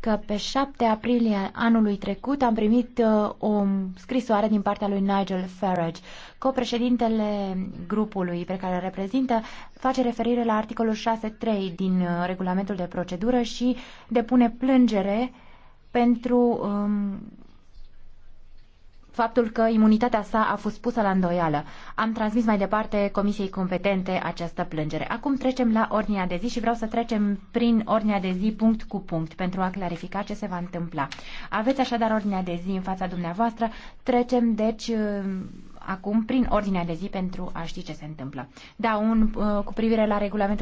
că pe 7 aprilie anului trecut am primit uh, o scrisoare din partea lui Nigel Farage. Copreședintele grupului pe care îl reprezintă face referire la articolul 6.3 din uh, regulamentul de procedură și depune plângere pentru um, faptul că imunitatea sa a fost pusă la îndoială. Am transmis mai departe comisiei competente această plângere. Acum trecem la ordinea de zi și vreau să trecem prin ordinea de zi punct cu punct pentru a clarifica ce se va întâmpla. Aveți așadar ordinea de zi în fața dumneavoastră. Trecem deci acum prin ordinea de zi pentru a ști ce se întâmplă. Da, un, uh, cu privire la regulamentul